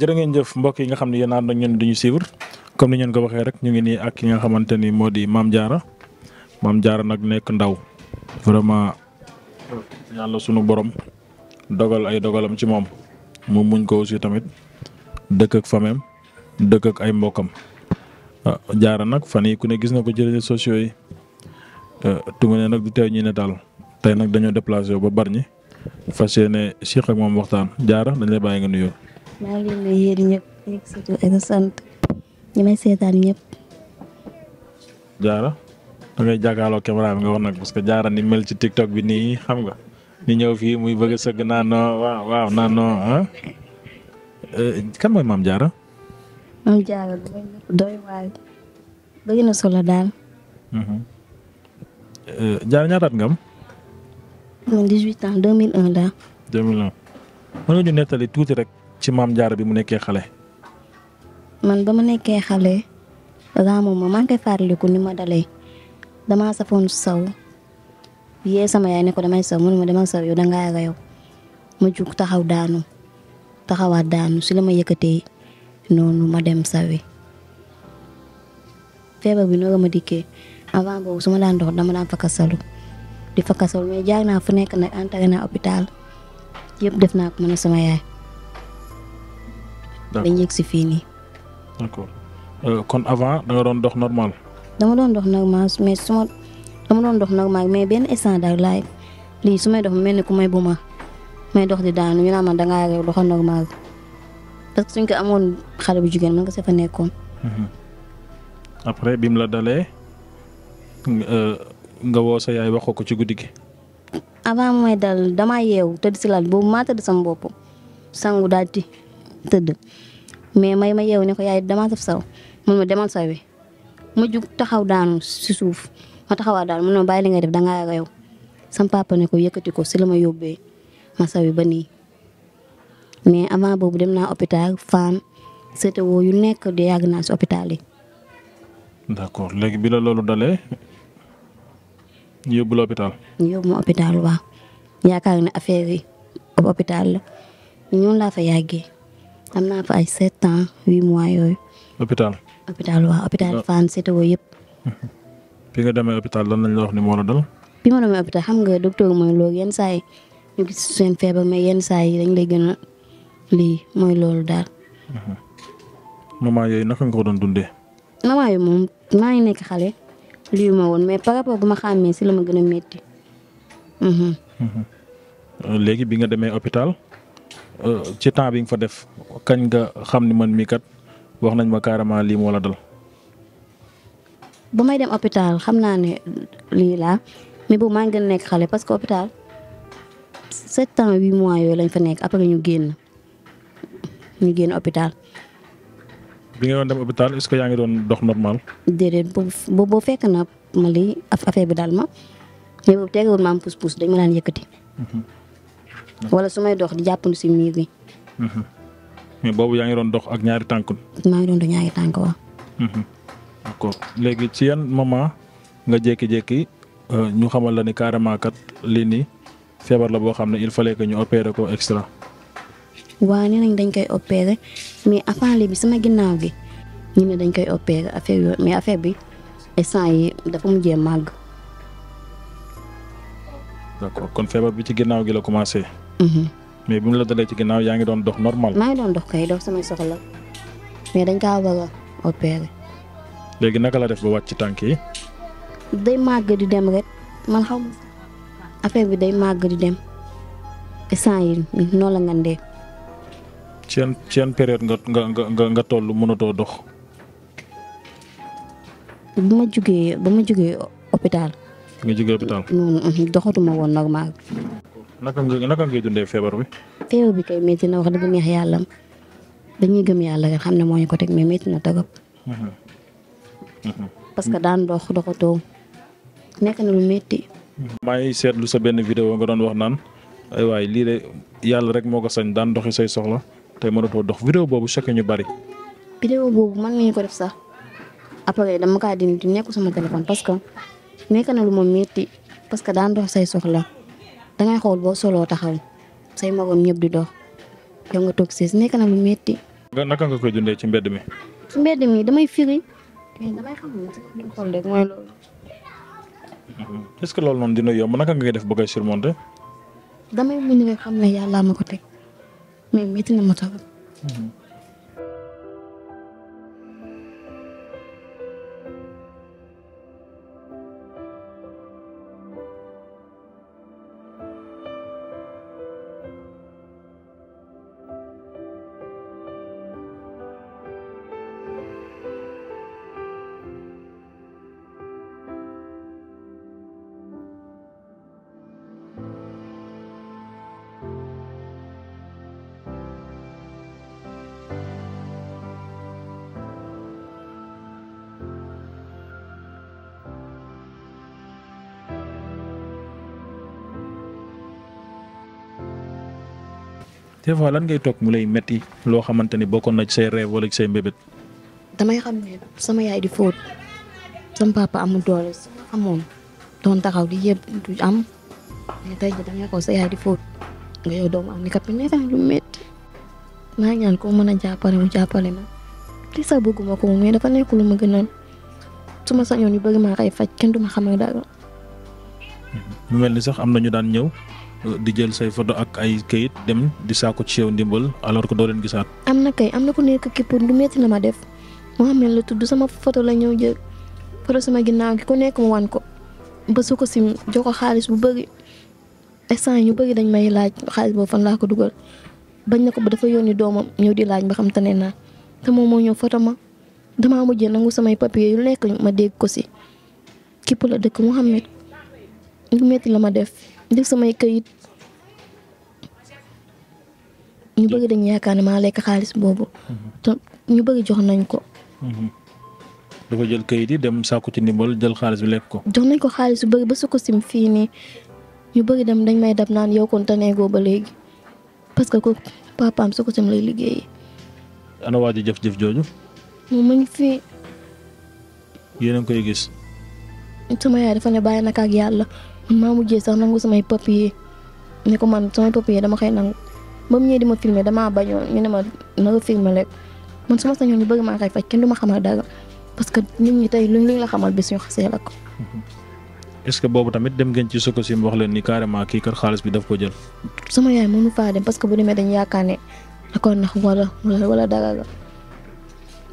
jërë ngeen jëf mbokk yi nga xam ne yéen ànd ak ñun duñu suivre comme ni ngeen ko waxee rek ñu ngi nii ak nga xamante ni moo di Mame Diarra Mame Diarra nag nekk ndaw vraiment ñaan yàlla sunu borom dogal ay dogalam ci moom mu muñ ko aussi tamit dëkk ak famem dëkk ak ay mbokkam jaara ah, nag fan yi ku ne gis na ko ci réseaux sociaux yi ah, tungu ne nag du teew ñi ne daal tey nag dañoo déplacé wu ba Bargny fas yéene Cheikh ak moom waxtaan jaara dañ lay bàyyi nga nuyoo. maa ngi leen di yéen ñëpp may seetaan ñëpp. jaara da ngay jàkkaarloo bi nga wax parce que jaara ni mel ci tiktok bi nii xam nga ni ñëw fii muy bëgg a sëgg naan non waaw waaw naan non ah. Euh, kan mooy maam jaara. maam jaara doy na bëgg na solo daal. Mhm. Euh, jaara ñaataat nga am. man 18 ans 2001 daal. 2001 mën nga ñu nettali tuuti rek. ci maam jaara bi mu nekkee xale. man ba ma nekkee xale raa moom ma maa ngi ni ma dalee damaa safoon saw yee sama yaay ne damay saw mu ne ma demal saw yow dangaa reew ma jug taxaw daanu taxawaat daanu si la ma yëkkatee noonu ma dem sawi feebar bi noonu ma dikkee avant boobu su ma daan dox dama daan fakkasalu di fakkasalu mais jaar naa fu nekk nag entré naa hôpital yëpp def naa ko ma ne sama yaay. bañ yëg si fii nii. d'accord euh, kon avant da doon dox normal. dama doon dox normal mais su ma dama doon dox normal mais benn instant daal laay sumay su dox mu mel ni ku may bu ma may dox di daanu ñu naan man da ngaa réew doxa normal parce que suñ ko amoon xale bu jigéen mën nga se fa nekkoon. Mhm. après bim la dalee euh, nga woo sa yaay wax ko ci guddi avant mooy dal dama yeewu tëdd si lal boobu maa tëdd sama bopp sangu daal di tëdd mais may ma yeewu ne ko yaay damaa def saw mun ma demal saw ma jug taxaw daanu si suuf ma taxawaa daal mun ma bàyyi li ngay def dangaa yaga yow sam ne ko yëkkati ko si la ma yóbbee ma ba nii mais avant boobu dem naa hôpital fan seetewoo yu nekk de yàgg naa si hôpital yi. d'accord léegi bi la loolu dalee la hôpital. yóbbu ma hôpital waaw yaakaar ne affaire yi hôpital la ñun laa fa yàggee. am naa fa ay sept ans huit mois yooyu. hôpital. hôpital waaw hôpital Fann CTO yëpp. bi nga demee hôpital lan lañ la wax ni moo dal. bi ma demee hôpital xam nga docteur mooy loolu yenn saay yi ñu gis seen feebar mais yenn saa yi dañ lay gën lii mooy loolu daal. maman yooyu naka nga ko doon dundee. maman yooyu moom maa ngi nekk xale lii ma woon mais par rapport bu ma si la ma gën a métti. léegi bi nga demee hôpital. Euh, ci temps bi nga fa def kañ nga xam ni man mii kat wax nañ ma carrément lii moo la dal. bu may dem hôpital xam naa ne lii laa mais bu maa ngi gën nekk xale parce que hôpital sept ans huit mois yooyu lañ fa nekk après ñu génn ñu génn hôpital. bi nga dem hôpital est-ce que yaa ngi doon dox normal. déedéet boobu boo fekk na ma lii affaire bi daal ma mais boobu teewul ma am pousse pousse dañ ma daan yëkkati. Mhm. wala su may dox di jàppandu si miir bi. boobu yaa ngi doon dox ak ñaari tànk. maa ngi dox ñaari tànk waaw. Mhm. léegi ci yan moment nga jékki-jékki euh, ñu xamal la ni carrément kat lii feebar la boo xam ne il fallait que ñu opérer ko extra. waaw nee nañ dañ koy opérer mais avant bi sama ginnaaw gi ñu ne dañ koy opérer affaire mais affaire bi instant yi dafa mujjee màgg. d'accord kon feebar bi ci ginnaaw gi la commencé. Mhm. mais bi mu la dalee ci ginnaaw yaa ngi doon dox normal. maa ngi doon dox kay dox samay soxla mais dañ kaa bëgg a léegi naka la def ba wàcc tànk yi. day màgg di dem rek man xam affaire bi day màgg di dem instant yi noonu la nga ndee. ci yan ci yan période nga nga nga nga toll mënatoo dox. ba ma jugee ba ma jugee hôpital. nga jugee hôpital. Mm-hmm, doxatuma woon normal. naka nga naka ngay dundee feebar bi. feebar bi kay métti na wax dëgg neex yàlla dañuy ne moo ñu ko teg mais mhm. Mhm. que daan dox doxatoo nekk na lu métti. Mhm. maa seetlu sa benn vidéo nga doon wax naan ay waay lii rek moo ko sañ daan doxi say soxla tey mënatoo dox vidéo boobu choqué ñu bari. vidéo boobu man nañu ko def sax après dama kaa dindi nekku sama téléphone parce que na lu ma métti parce que daan dox say soxla. dangay xool boo soloo taxaw say magom ñëpp di dox yow nga toog siis nekk na lu metti naka nga koy dundee ci mbedd mi. ci mbedd mi damay firi damay mm-hmm. que lool noonu dina yomb naka nga koy def bëgg a surmonter. damay muñ rek xam ne yàlla ma ko teg mais métti na ma taxaw. te fois lan ngay toog mu lay metti loo xamante ni bokkoon na ci say rêve wala ci say mbébét. damay xam ne sama yaay di fóot sama papa amu doole sama amoon doon taxaw di yëpp du am tey jii da nga ko fóot nga am ni kat nekk lu métti maa ñaan koo mën a jàppale mu jàppale ma li sax bëgguma ko mais dafa nekk ma gënal suma sañoon yu bëgg ma koy faj kenn du ma xamal dara. mu mel ni sax am na ñu daan ñëw di jël say photo ak ay kayit dem di saako ci yow ndimbal alors que doo leen gisaat. am na kay am na ku nekk képp lu métti na ma def moo xam ne la tudd sama photo la ñëw jël photo sama ginnaaw gi ku nekk mu wan ko ba ko sim jox ko xaalis bu bëri instant ñu bëri dañ may laaj xaalis boobu fan laa ko dugal bañ na ko ba dafa yónni doomam ñëw di laaj ba xam tane naa te moom moo ñëw foto ma damaa mujjee nangu samay papier yu nekk ma dégg ko si képp la dëkk Mouhamed lu métti la ma def. def samay kayit ñu bëgg dañu yaakaar ne maa lekk xaalis boobu. Mhm. te ñu bëgg jox nañ ko. Mhm. dafa jël kayit yi dem sàkku ci ndimbal jël xaalis bi lekk ko. jox nañ ko xaalis bu bëri ba su ko sim fii nii ñu bari dem dañ may dab naan yow kon taneegoo ba léegi parce que ko papaam su ko sim lay liggéeyee. ana waa ji jëf-jëf jooju. moom mu ngi fi. yéen koy gis. sama yaay dafa bàyyi na ak yàlla maa mujjee sax nangu samay papier ne ko man samay papier dama koy nangu ba mu ñëwee di ma filmer damaa bañoon ñu ne ma na nga filmer rek man su ma sañoon ñu bëgg maa koy faj kenn du ma xamal dara parce que nit ñi tey luñ luñ la xamal bi suñu xasee la que boobu tamit dem ngeen ci Sococim wax leen ni carrément bi daf ko jël. sama yaay mënu faa dem parce que bu demee dañ yaakaar ne d'accord ndax wala wala dara la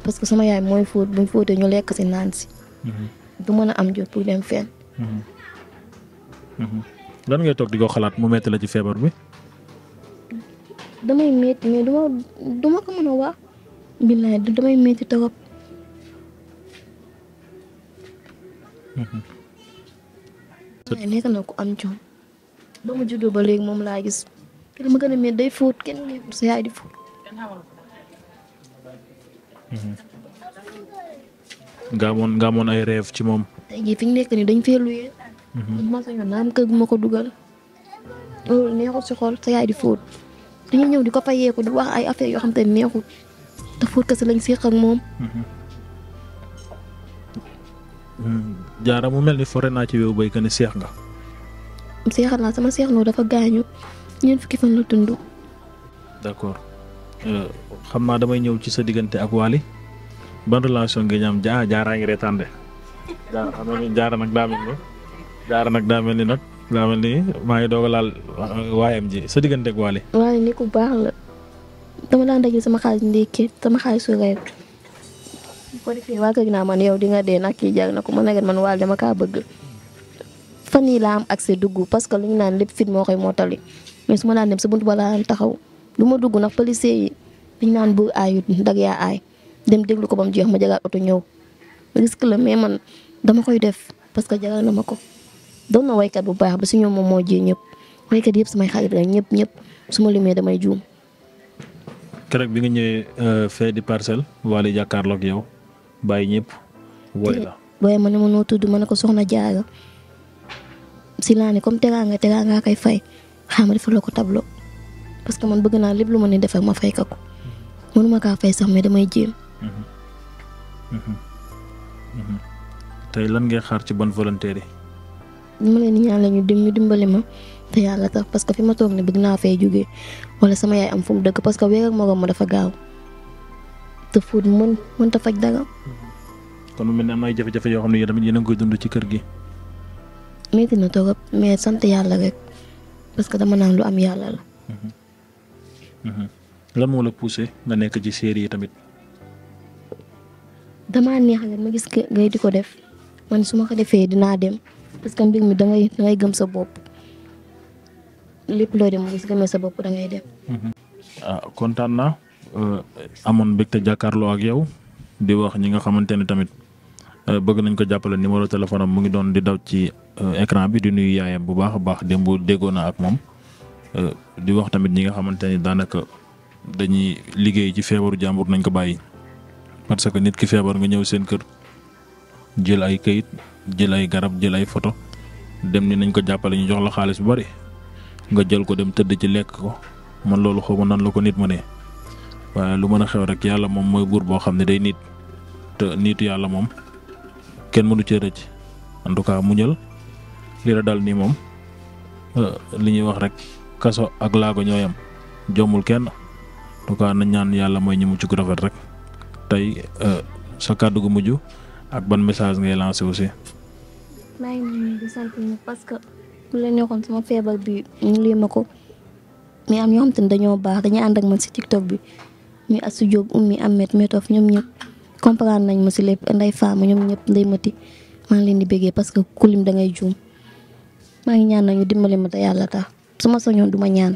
parce que sama yaay mooy fóot buñ fóotee ñu lekk si naan si. Mhm. du mën a am jot pour dem fenn. Mhm. Mhm. lan ngay toog di ko xalaat mu metti la ci feebar bi. damay metti mais duma duma ko mën a wax. billaay du damay metti torop. Mhm. nekk na ku am jom. ba mu juddoo ba léegi moom laa gis. kenn gën a metti day fóot kenn nekkul sa yaay di fóot. Mhm. nga amoon nga amoon ay rêve ci moom. tey jii nekk nii dañ fee luyee. bu mhm. ma sañoon naa am kër gu ma ko dugal loolu neexut si xol sa yaay di fóot dañuy ñëw di ko yeeku di wax ay affaire yoo xam te neexut te fóot kese lañ séq ak moom. Mhm. jaara mu mel ni fore naa ci wéw bay que ni seex nga. seexal naa sama seexloo dafa gaañu ñeent fukki fan la tund. d'accord euh, xam naa damay ñëw ci sa diggante ak Waly ban relation nga ñam jaa jaaraa ngi reetande. jaa xam nga jaara nag Daara nag daa mel ni nag daa mel maa ngi doog a laal waayam ji sa digganteeg Waly. Waly ni ku baax la dama daan dajale sama xaalis ndékki sama xaalisu reer bu ko defee waa kër gi naa man yow di nga dee nag kii jar na ko man nag man Waly dama kaa bëgg fan yii laa am dugg parce que lu ñu naan lépp fit moo koy mottali mais su ma daan dem sa buntu balaa daan taxaw lu ma dugg ndax policier yi dañu naan buur aayut ndag yaa aay dem déglu ko ba mu jeex ma jagaat oto ñëw risque la mais man dama koy def parce que jagal na ma ko. doon na waykat bu baax ba si ñoom moom moo ji ñëpp waykat yëpp samay xarit la ñëpp ñëpp su ma limee damay juum. keroog bi nga ñëwee euh, fee di parcelle Wally jàkkaarloog yow bàyyi ñëpp wooy la. waaye ma ne ma noo tudd ma ne ko soxna Diarra si laa ne comme teraanga teraanga koy fay xaaral defal la ko tableau parce que man bëgg naa lépp lu ma ne defal ma fay ka ko mënuma kaa fay sax mais damay jéem. Mm-hmm. Mm-hmm. Mm-hmm. tey lan ngay xaar ci bonne volonté yi li ma leen di ñaan la ñu dim ñu dimbali ma te yàlla tax parce que fi ma toog ne bëgg dinaa fay jóge wala sama yaay am fu mu dëkk parce que weer ak ma dafa gaaw te fuut mën mën ta faj dara. kon mu mel yoo xam ne yéen tamit a ngi ci kër gi. na torop mais sant yàlla rek que dama naan lu am yàlla la. Mhm. Mhm. lan moo nekk ci série yi tamit. damaa neex rek ma gis ngay di ko def man su ma ko defee dinaa dem. parce que mbir mi da ngay da gëm sa bopp lépp loo dem gis gëmee sa bopp da ngay dem. ah kontaan naa euh, amoon jàkkaarloo ak yow di wax ñi nga xamante ne tamit euh, bëgg nañ ko jàppale numéro téléphone mu ngi doon di daw ci euh, écran bi di nuyu yaayam bu baax a baax démb déggoo naa ak moom di wax tamit ñi nga xamante ne daanaka dañuy liggéey ci feebaru jàmbur nañ ko bàyyi parce que nit ki feebar nga ñëw seen kër jël ay kayit. jël ay garab jël ay photo dem ni nañ ko jàppale ñu jox la xaalis bu bari nga jël ko dem tëdd ci lekk ko man loolu xaw ma nan la ko nit ma ne waaye lu mën a xew rek yàlla moom mooy buur boo xam ne day niit te niitu yàlla moom kenn mënu cee rëcc en tout cas muñal li dal nii moom euh, li ñuy wax rek kaso ak laago ñooyam jommul kenn en tout cas ñaan yàlla mooy ñu mucc gu rafet rek tey euh, sa kàddu gu mujj ak ban message ngay lancé aussi. maa ngi nuyu sant parce que bu la sama feebar bi ñu lii ma ko mais am ñoo xam ne dañoo baax dañuy ànd ak man si TikTok bi muy Assou Diop Oumy Ahmed Métof ñoom ñëpp comprendre nañ ma si lépp nday faama ñoom ñëpp nday mati maa ngi leen di béggee parce que kulim da ngay juum maa ñaan nañu dimbali ma te yàlla tax su ma sañoon du ma ñaan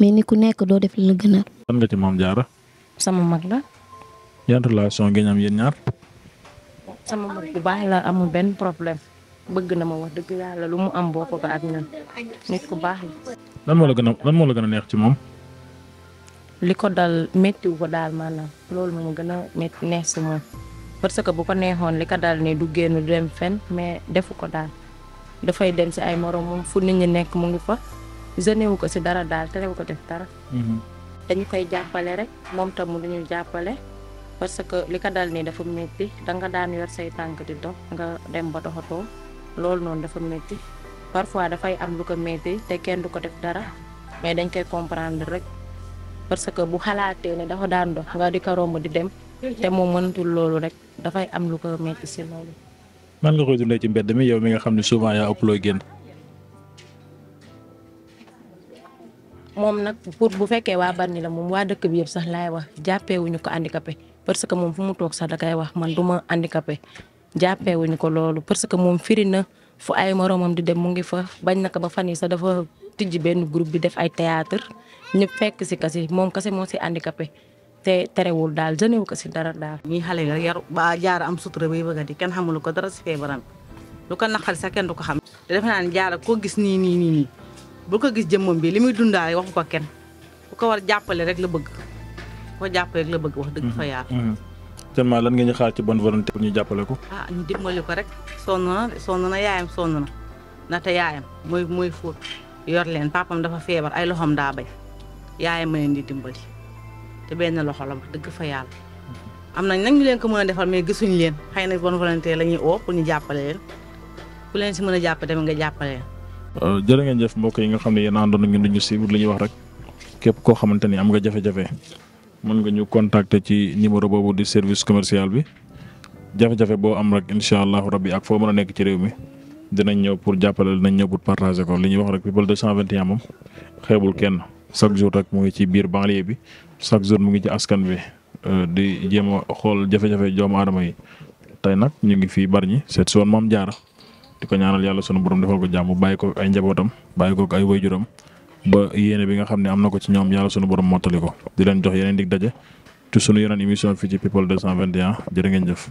mais ni ku nekk doo def li la gënal. lan nga ci sama mag la. yan relation ngeen am yéen ñaar. sama mag bu baax la amul benn problème. bëgg na ma wax dëgg yàlla lu mu am bokk ko ak ñun nit ku baax la. lan moo la gën a lan moo la neex ci moom. li ko dal méttiwu ko daal maanaam loolu moom gën a métti neex si moom parce que bu ko neexoon li ko dal ne du génn dem fen mais defu ko daal dafay dem si ay morom moom fu nit ñi nekk mu ngi fa jenewu ko si dara daal terewu ko def dara. Mm-hmm. dañu koy jàppale rek moom tam mu dañuy jàppale. parce que li ko dal nii dafa métti da nga daan yor say tànk di dox nga dem ba doxatoo loolu noonu dafa métti parfois dafay am lu ko métti te kenn du ko def dara mais dañ koy comprendre rek parce que bu xalaatee ne dafa daan dox nga di ko di dem te moom mënatul loolu rek dafay am lu ko métti si loolu. man nga koy dundee ci mbedd nga xam ne souvent yaa ëpp looy génn. moom nag pour bu fekkee waa Bargny la moom waa dëkk bi yëpp sax laay wax jàppewuñu ko ko handicapé parce que moom fu mu toog sax da wax man du ma handicapé jàppeewuñu ko loolu parce que moom firi na fu ay moromam di dem mu ngi fa bañ naka ba fan yi sa dafa tijji benn groupe bi def ay théâtre ñëpp fekk si kasi moom kase moo si handicapé te terewul daal wu ko si dara daal. nii xale nga yaru ba jaara am sutura bay bëgg a di kenn xamul ko dara si feebaram lu ko naqari sax kenn du ko xam te defe naa ne jaara koo gis nii nii nii bu ko gis jëmmam bi li muy dundaale waxu ko kenn ku ko war jàppale rek la bëgg ku ko jàppale rek la bëgg wax dëgg fa mhm. yaatu. actuellement lan nga ñu xaar ci bonne volonté pour ñu jàppale ko. ah ñu dimbali ko rek sonn na sonn na yaayam sonn na ndaxte yaayam mooy mooy fóot yor leen papam dafa feebar ay loxoom daa bay yaayam ma leen di dimbali te benn loxo la wax dëgg fa yàlla. am nañ nag ñu leen ko mën a defal mais gisuñu leen xëy na bonne volonté la ñuy oo ñu jàppale leen ku leen si mën a jàpp tamit nga jàppale leen. Euh, jërë ngeen jëf mbokk yi nga xam ne yéen àndoon ak ñun du ñu si li ñuy wax rek képp koo xamante ni am nga jafe mën nga ñu contacter ci numéro boobu di service commercial bi jafe-jafe boo am rek incha allahu rabbi ak foo mën a nekk ci réew mi dinañ ñëw pour jàppale dinañ ñëw pour partager ko li ñuy wax rek people 221 moom xeebul kenn chaque jour rek mu ngi ci biir banlieue bi chaque jour mu ngi ci askan bi euh, di jéem a xool jafe-jafe doomu aadama yi tey nag ñu ngi fii bari ñi seet si woon Maam Jaara di ko ñaanal yàlla sunu borom defal ko jàmm bàyyi ko ay njabootam bàyyi ko ay waajuram ba yéene bi nga xam ne am na ko ci ñoom yàlla sunu borom mottali ko di leen jox yeneen dig daje ci sunu yeneen émission fii ci people 221 jërë ngeen jëf.